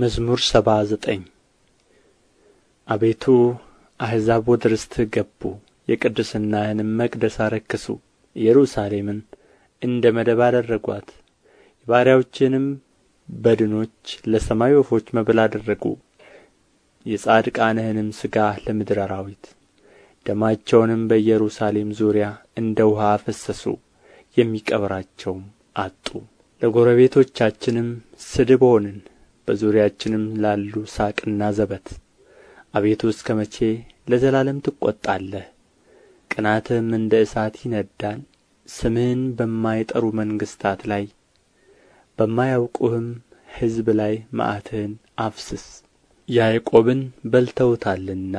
መዝሙር ሰባ ዘጠኝ አቤቱ አሕዛብ ወደ ርስትህ ገቡ የቅድስናህንም መቅደስ አረከሱ ኢየሩሳሌምን እንደ መደብ አደረጓት የባሪያዎችህንም በድኖች ለሰማይ ወፎች መብል አደረጉ የጻድቃንህንም ሥጋ ለምድር አራዊት ደማቸውንም በኢየሩሳሌም ዙሪያ እንደ ውኃ አፈሰሱ የሚቀብራቸውም አጡ ለጎረቤቶቻችንም ስድብ ሆንን በዙሪያችንም ላሉ ሳቅና ዘበት አቤቱ እስከ መቼ ለዘላለም ትቈጣለህ ቅናትህም እንደ እሳት ይነዳል ስምህን በማይጠሩ መንግሥታት ላይ በማያውቁህም ሕዝብ ላይ መዓትህን አፍስስ ያዕቆብን በልተውታልና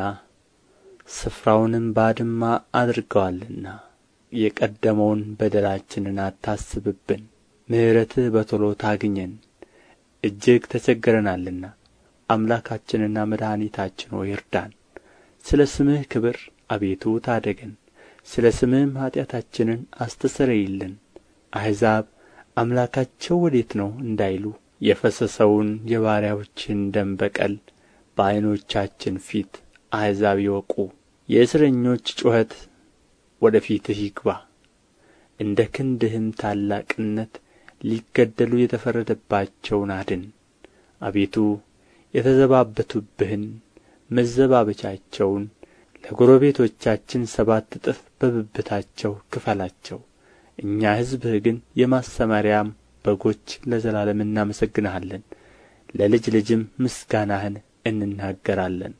ስፍራውንም ባድማ አድርገዋልና የቀደመውን በደላችንን አታስብብን ምሕረትህ በቶሎ ታግኘን እጅግ ተቸግረናልና አምላካችንና መድኃኒታችን ሆይ እርዳን ስለ ስምህ ክብር አቤቱ ታደገን ስለ ስምህም ኃጢአታችንን አስተስርይልን አሕዛብ አምላካቸው ወዴት ነው እንዳይሉ የፈሰሰውን የባሪያዎችን ደም በቀል በዓይኖቻችን ፊት አሕዛብ ይወቁ የእስረኞች ጩኸት ወደ ፊትህ ይግባ እንደ ክንድህም ታላቅነት ሊገደሉ የተፈረደባቸውን አድን አቤቱ የተዘባበቱብህን መዘባበቻቸውን ለጎረቤቶቻችን ሰባት እጥፍ በብብታቸው ክፈላቸው እኛ ሕዝብህ ግን የማሰማርያም በጎች ለዘላለም እናመሰግንሃለን ለልጅ ልጅም ምስጋናህን እንናገራለን